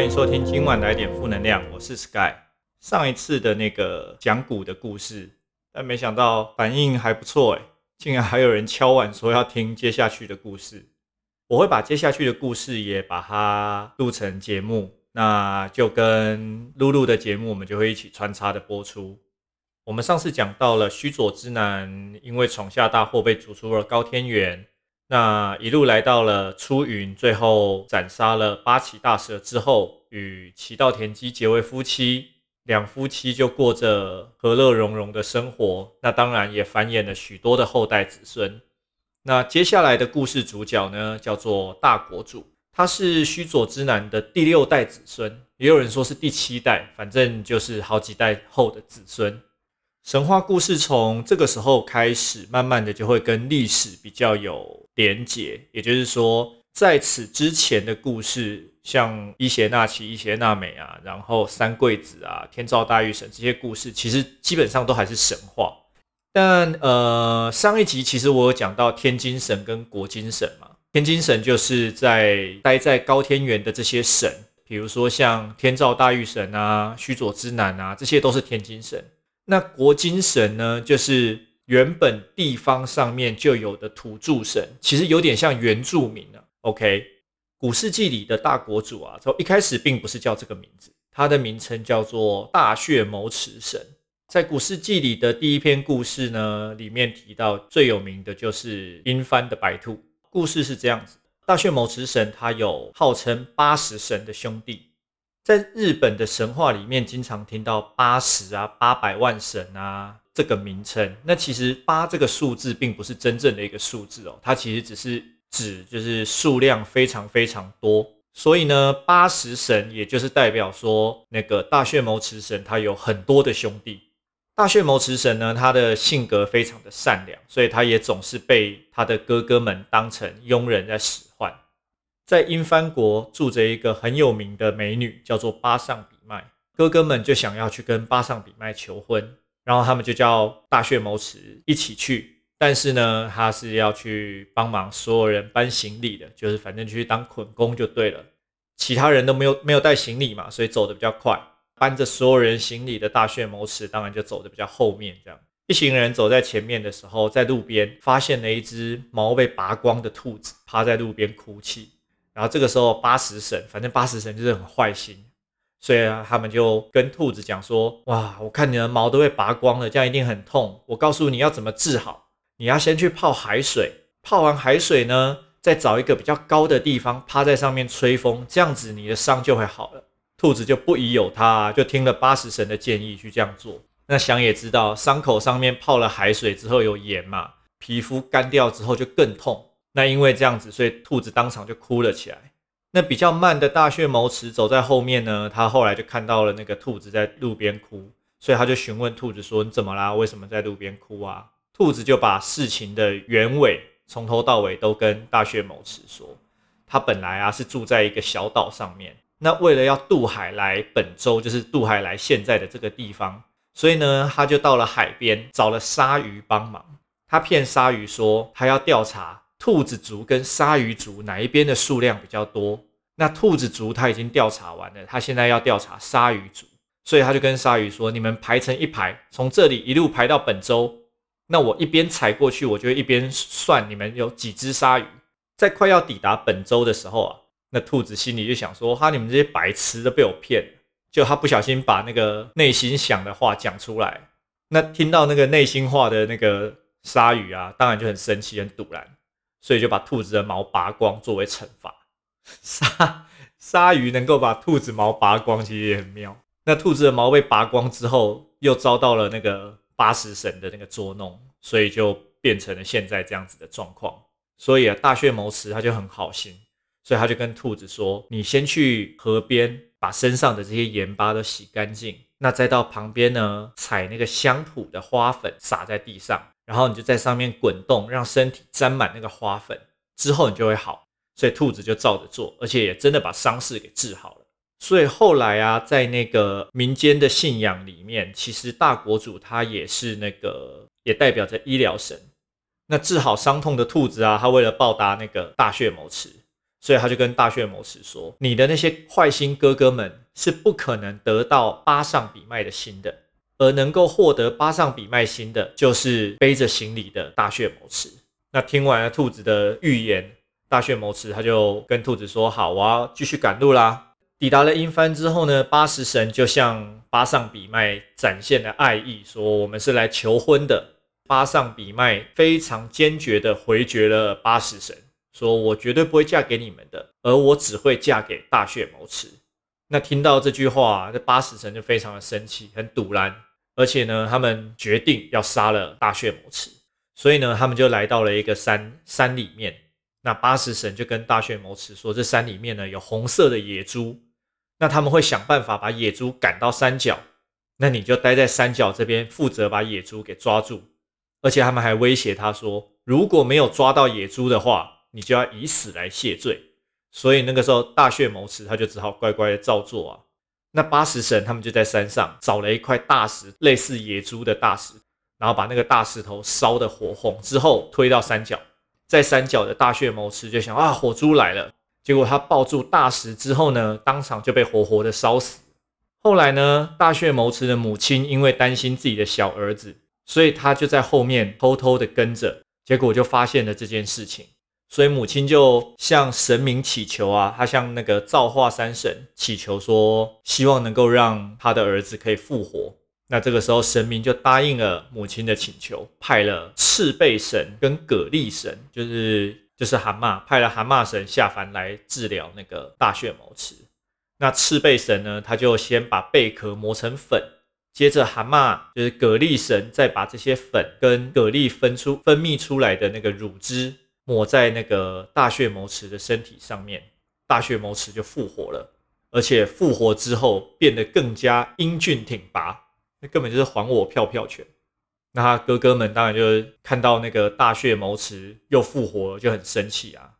歡迎收聽今晚來點負能量，我是 Sky。上一次的那個講古的故事，但沒想到反應還不錯哎，竟然還有人敲碗說要聽接下去的故事。我會把接下去的故事也把它錄成節目，那就跟露露的節目我們就會一起穿插的播出。我們上次講到了須佐之男，因為闖下大禍被逐出了高天原。那一路來到了出雲，最後斬殺了八岐大蛇之後，與奇稻田姬結為夫妻，兩夫妻就過着和樂融融的生活。那當然也繁衍了許多的後代子孫。那接下來的故事主角呢，叫做大國主，他是須佐之男的第六代子孫，也有人說是第七代，反正就是好幾代後的子孫。神話故事從這個時候開始，慢慢的就會跟歷史比較有連結。也就是說，在此之前的故事，像伊邪那岐、伊邪那美啊，然後三貴子啊、天照大御神這些故事，其實基本上都還是神話。但呃，上一集其實我有講到天津神跟國津神嘛，天津神就是在待在高天原的這些神，比如說像天照大御神啊、須佐之男啊，這些都是天津神。那國津神呢，就是原本地方上面就有的土著神，其實有點像原住民了、啊。OK，古世紀裡的大國主啊，從一開始並不是叫這個名字，他的名稱叫做大穴牟遲神。在古世紀裡的第一篇故事呢，裡面提到最有名的就是因幡的白兔。故事是這樣子的：大穴牟遲神他有號稱八十神的兄弟。在日本的神話裡面，經常聽到“八十啊，八百萬神啊”這個名稱。那其實“八”這個數字並不是真正的一個數字哦，它其實只是指就是數量非常非常多。所以呢，八十神也就是代表說，那個大穴牟遲神他有很多的兄弟。大穴牟遲神呢，他的性格非常的善良，所以他也總是被他的哥哥們當成傭人在使。在因幡國住着一個很有名的美女，叫做八上比賣。哥哥們就想要去跟八上比賣求婚，然後他們就叫大穴牟遲一起去。但是呢，他是要去幫忙所有人搬行李的，就是反正去當捆工就對了。其他人都沒有沒有帶行李嘛，所以走得比較快。搬着所有人行李的大穴牟遲當然就走得比較後面。這樣一行人走在前面的時候，在路邊發現了一隻毛被拔光的兔子，趴在路邊哭泣。然後這個時候，八十神，反正八十神就是很壞心，所以呢，他們就跟兔子講說：“哇，我看你的毛都被拔光了，這樣一定很痛。我告訴你要怎麼治好，你要先去泡海水，泡完海水呢，再找一個比較高的地方趴在上面吹風，這樣子你的傷就會好了。”兔子就不疑有他，就聽了八十神的建議去這樣做。那想也知道，傷口上面泡了海水之後有鹽嘛，皮膚乾掉之後就更痛。那因為這樣子，所以兔子當場就哭了起來。那比較慢的大穴牟遲走在後面呢，他後來就看到了那個兔子在路邊哭，所以他就詢問兔子說：“你怎麼啦？為什麼在路邊哭啊？”兔子就把事情的原委從頭到尾都跟大穴牟遲說。他本來啊是住在一個小島上面，那為了要渡海來本州，就是渡海來現在的這個地方，所以呢他就到了海邊找了鯊魚幫忙。他騙鯊魚說他要調查。兔子族跟鯊魚族哪一邊的數量比較多？那兔子族他已經調查完了，他現在要調查鯊魚族，所以他就跟鯊魚說：“你們排成一排，從這裡一路排到本州，那我一邊踩過去，我就一邊算你們有幾隻鯊魚。”在快要抵達本州的時候啊，那兔子心裡就想說：“哈，你們這些白痴都被我騙了！”就他不小心把那個內心想的話講出來，那聽到那個內心話的那個鯊魚啊，當然就很生氣、很賭爛。所以就把兔子的毛拔光作為懲罰，鯊鯊魚能夠把兔子毛拔光其實也很妙。那兔子的毛被拔光之後，又遭到了那個八十神的那個捉弄，所以就變成了現在這樣子的狀況。所以啊，大穴牟遲他就很好心，所以他就跟兔子說：“你先去河邊把身上的這些鹽巴都洗乾淨，那再到旁邊呢採那個香蒲的花粉撒在地上。”然後你就在上面滾動，讓身體沾滿那個花粉，之後你就會好。所以兔子就照着做，而且也真的把傷勢給治好了。所以後來啊，在那個民間的信仰裡面，其實大國主他也是那個，也代表着醫療神。那治好傷痛的兔子啊，他為了報答那個大穴牟遲，所以他就跟大穴牟遲說：“你的那些壞心哥哥們是不可能得到八上比賣的心的。”而能夠獲得八上比賣心的，就是背着行李的大穴牟遲。那聽完了兔子的預言，大穴牟遲他就跟兔子說：“好、啊，我要繼續趕路啦。”抵達了因幡之後呢，八十神就向八上比賣展現了愛意，說：“我們是來求婚的。”八上比賣非常堅決地回絕了八十神，說：“我絕對不會嫁給你們的，而我只會嫁給大穴牟遲。”那聽到這句話，這八十神就非常的生氣，很賭爛。而且呢，他們決定要殺了大穴牟遲，所以呢，他們就來到了一個山山裡面。那八十神就跟大穴牟遲說：“這山裡面呢，有紅色的野豬，那他們會想辦法把野豬趕到山腳，那你就待在山腳這邊負責把野豬給抓住。而且他們還威脅他說，如果沒有抓到野豬的話，你就要以死來謝罪。所以那個時候，大穴牟遲他就只好乖乖的照做啊。”那八十神他們就在山上找了一塊大石，類似野豬的大石，然後把那個大石頭燒得火紅之後推到山腳，在山腳的大穴牟遲就想啊，火豬來了，結果他抱住大石之後呢，當場就被活活的燒死。後來呢，大穴牟遲的母親因為擔心自己的小兒子，所以他就在後面偷偷的跟着，結果就發現了這件事情。所以母親就向神明祈求啊，他向那個造化三神祈求，說希望能夠讓他的兒子可以復活。那這個時候神明就答應了母親的請求，派了赤貝神跟蛤蜊神，就是就是蛤蟆，派了蛤蟆神下凡來治療那個大血毛刺。那赤貝神呢，他就先把貝殼磨成粉，接着蛤蟆就是蛤蜊神，再把這些粉跟蛤蜊分出分泌出來的那個乳汁，抹在那個大穴牟遲的身體上面，大穴牟遲就復活了，而且復活之後變得更加英俊挺拔。那根本就是還我漂漂拳。那他哥哥們當然就是看到那個大穴牟遲又復活了，就很生氣啊、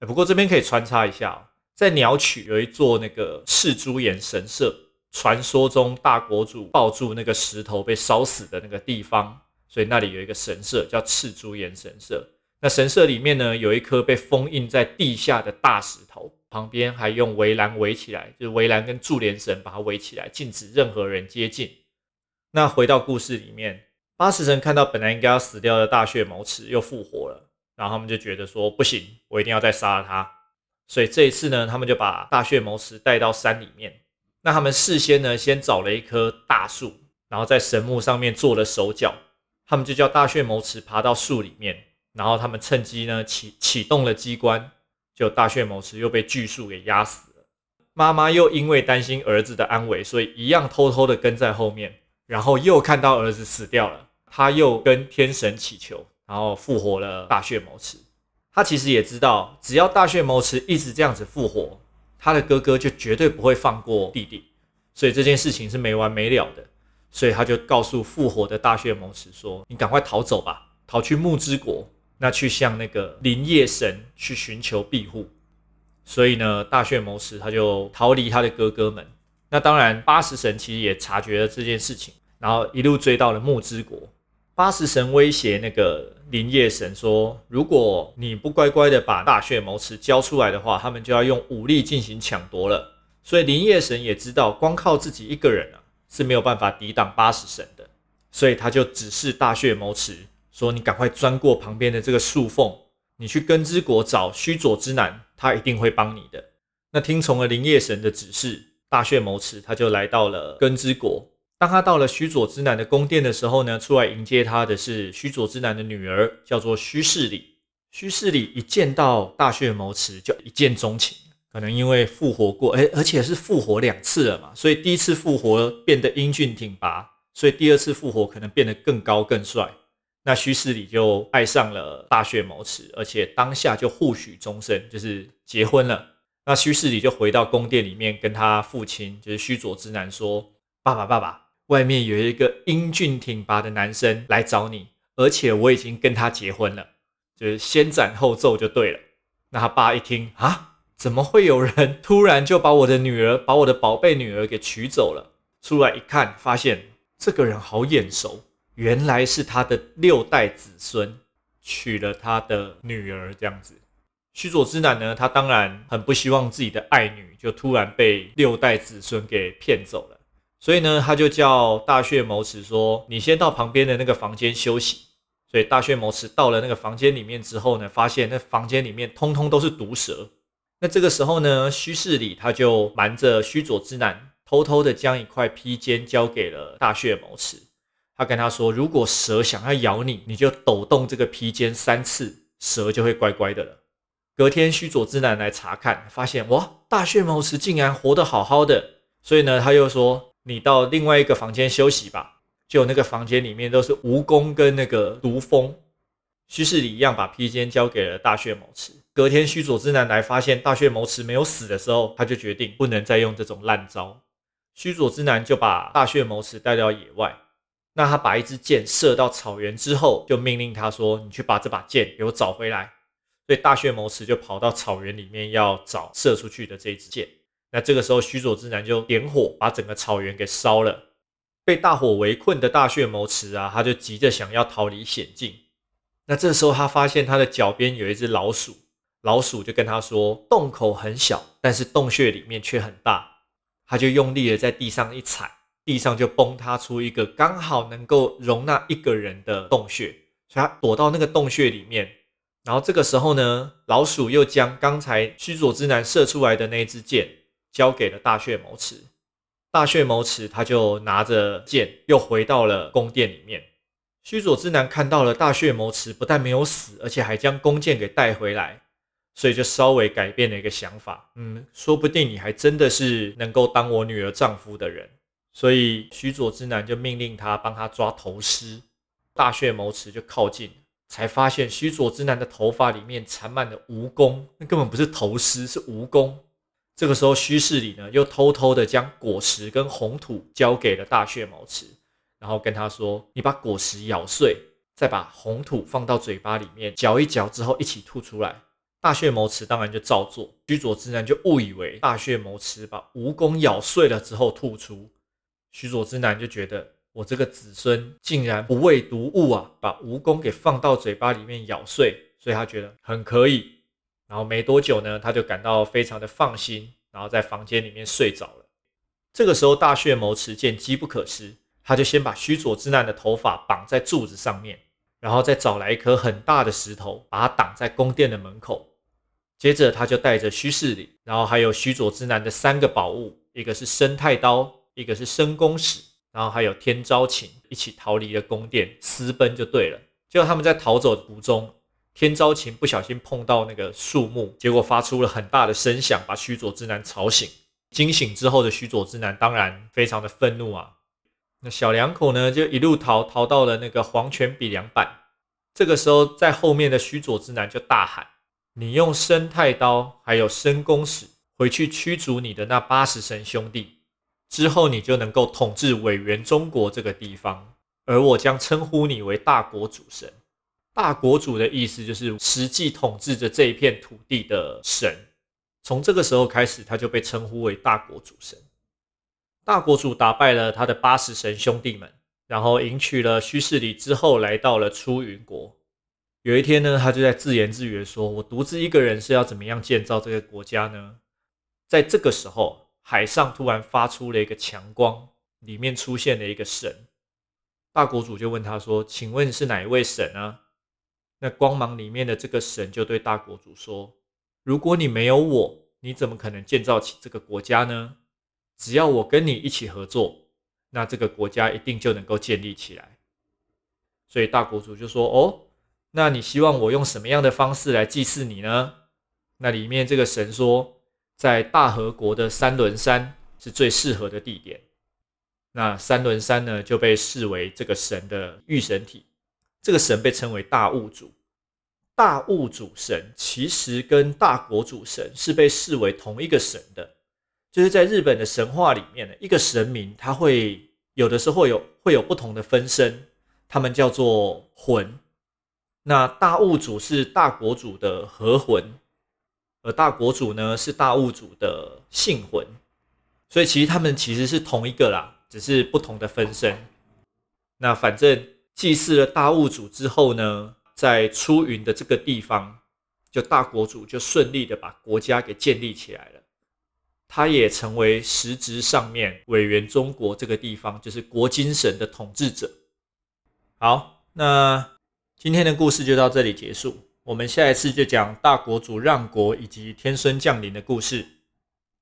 欸。不過這邊可以穿插一下、哦，在鳥取有一座那個赤豬岩神社，傳說中大國主抱住那個石頭被燒死的那個地方，所以那裡有一個神社叫赤豬岩神社。那神社裡面呢，有一顆被封印在地下的大石頭，旁邊還用圍欄圍起來，就是圍欄跟注連繩把它圍起來，禁止任何人接近。那回到故事裡面，八十神看到本來應該要死掉的大穴牟遲又復活了，然後他們就覺得說不行，我一定要再殺了他。所以這一次呢，他們就把大穴牟遲帶到山裡面。那他們事先呢，先找了一棵大樹，然後在神木上面做了手腳，他們就叫大穴牟遲爬到樹裡面。然後他們趁機呢，啟啟動了機關，就大穴牟遲又被巨樹給壓死了。媽媽又因為擔心兒子的安危，所以一樣偷偷的跟在後面，然後又看到兒子死掉了。他又跟天神祈求，然後復活了大穴牟遲。他其實也知道，只要大穴牟遲一直這樣子復活，他的哥哥就絕對不會放過弟弟，所以這件事情是沒完沒了的。所以他就告訴復活的大穴牟遲說：“你趕快逃走吧，逃去木之國。”那去向那個林業神去尋求庇護，所以呢，大穴牟遲他就逃離他的哥哥們。那當然，八十神其實也察覺了這件事情，然後一路追到了木之國。八十神威脅那個林業神說：“如果你不乖乖的把大穴牟遲交出來的話，他們就要用武力進行搶奪了。”所以林業神也知道，光靠自己一個人啊是沒有辦法抵擋八十神的，所以他就指示大穴牟遲。說，你趕快鑽過旁邊的這個樹縫，你去根之國找須佐之男，他一定會幫你的。那聽從了林業神的指示，大穴牟遲他就來到了根之國。當他到了須佐之男的宮殿的時候呢，出來迎接他的是須佐之男的女兒，叫做須勢里。須勢里一見到大穴牟遲就一見鍾情，可能因為復活過誒，而且是復活兩次了嘛，所以第一次復活變得英俊挺拔，所以第二次復活可能變得更高更帥。那須世理就愛上了大穴牟遲，而且當下就互許終身，就是結婚了。那須世理就回到宮殿裡面，跟他父親就是須佐之男說：“爸爸，爸爸，外面有一個英俊挺拔的男生來找你，而且我已經跟他結婚了，就是先斬後奏就對了。”那他爸一聽啊，怎麼會有人突然就把我的女兒，把我的寶貝女兒給娶走了？出來一看，發現這個人好眼熟。原來是他的六代子孫娶了他的女兒，這樣子。須佐之男呢，他當然很不希望自己的愛女就突然被六代子孫給騙走了，所以呢，他就叫大穴牟遲說：“你先到旁邊的那個房間休息。”所以大穴牟遲到了那個房間裡面之後呢，發現那房間裡面通通都是毒蛇。那這個時候呢，須勢理他就瞞着須佐之男，偷偷的將一塊披肩交給了大穴牟遲。他跟他說：“如果蛇想要咬你，你就抖動這個披肩三次，蛇就會乖乖的了。”隔天，須佐之男來查看，發現哇，大穴牟遲竟然活得好好的。所以呢，他又說：“你到另外一個房間休息吧。”就那個房間裡面都是蜈蚣跟那個毒蜂。須勢理一樣把披肩交給了大穴牟遲。隔天，須佐之男來發現大穴牟遲沒有死的時候，他就決定不能再用這種爛招。須佐之男就把大穴牟遲帶到野外。那他把一支箭射到草原之後，就命令他說：“你去把這把箭給我找回來。”所以大穴牟遲就跑到草原裡面要找射出去的這一支箭。那這個時候，須佐之男就點火把整個草原給燒了。被大火圍困的大穴牟遲啊，他就急着想要逃離險境。那這時候，他發現他的腳邊有一隻老鼠，老鼠就跟他說：“洞口很小，但是洞穴裡面卻很大。”他就用力的在地上一踩。地上就崩塌出一個剛好能夠容納一個人的洞穴，所以他躲到那個洞穴裡面。然後這個時候呢，老鼠又將剛才須佐之男射出來的那支箭交給了大穴謀池。大穴謀池他就拿着箭又回到了宮殿裡面。須佐之男看到了大穴謀池，不但沒有死，而且還將弓箭給帶回來，所以就稍微改變了一個想法。嗯，說不定你還真的是能夠當我女兒丈夫的人。所以須佐之男就命令他幫他抓頭蝨。大穴牟遲就靠近，才發現須佐之男的頭髮裡面纏滿了蜈蚣，那根本不是頭蝨，是蜈蚣。這個時候須勢理呢又偷偷的將果實跟紅土交給了大穴牟遲，然後跟他說：“你把果實咬碎，再把紅土放到嘴巴裡面嚼一嚼之後一起吐出來。”大穴牟遲當然就照做，須佐之男就誤以為大穴牟遲把蜈蚣咬碎了之後吐出。須佐之男就覺得，我這個子孫竟然不畏毒物啊，把蜈蚣給放到嘴巴裡面咬碎，所以他覺得很可以。然後沒多久呢，他就感到非常的放心，然後在房間裡面睡着了。這個時候，大穴牟遲持劍，機不可失，他就先把須佐之男的頭髮綁在柱子上面，然後再找來一顆很大的石頭，把它擋在宮殿的門口。接着，他就帶着須世理，然後還有須佐之男的三個寶物，一個是生大刀。一個是生弓矢，然後還有天詔琴，一起逃離了宮殿，私奔就對了。就他們在逃走途中，天詔琴不小心碰到那個樹木，結果發出了很大的聲響，把須佐之男吵醒。驚醒之後的須佐之男當然非常的憤怒啊。那小兩口呢，就一路逃，逃到了那個黃泉比良坂。這個時候在後面的須佐之男就大喊：“你用生太刀還有生弓矢回去驅逐你的那八十神兄弟。”之後，你就能夠統治葦原中國這個地方，而我將稱呼你為大國主神。大國主的意思就是實際統治着這一片土地的神。從這個時候開始，他就被稱呼為大國主神。大國主打敗了他的八十神兄弟們，然後迎娶了須勢理之後，來到了出雲國。有一天呢，他就在自言自語說：“我獨自一個人是要怎麼樣建造這個國家呢？”在這個時候。海上突然發出了一個強光，裡面出現了一個神。大國主就問他說：“請問是哪一位神呢？”那光芒裡面的這個神就對大國主說：“如果你沒有我，你怎麼可能建造起這個國家呢？只要我跟你一起合作，那這個國家一定就能夠建立起來。”所以大國主就說：“哦，那你希望我用什麼樣的方式來祭祀你呢？”那裡面這個神說，在大和國的三輪山是最適合的地點。那三輪山呢，就被視為這個神的御神體。這個神被稱為大物主，大物主神其實跟大國主神是被視為同一個神的。就是在日本的神話裡面呢，一個神明他會有的時候會有會有不同的分身，他們叫做魂。那大物主是大國主的和魂。而大國主呢，是大物主的幸魂，所以其實他們其實是同一個啦，只是不同的分身。那反正祭祀了大物主之後呢，在出雲的這個地方，就大國主就順利的把國家給建立起來了，他也成為實質上面葦原中國這個地方，就是國津神的統治者。好，那今天的故事就到這裡結束。我們下一次就講大國主讓國以及天孫降臨的故事，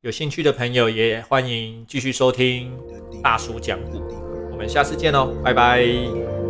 有興趣的朋友也歡迎繼續收聽大叔講古，我們下次見哦，拜拜。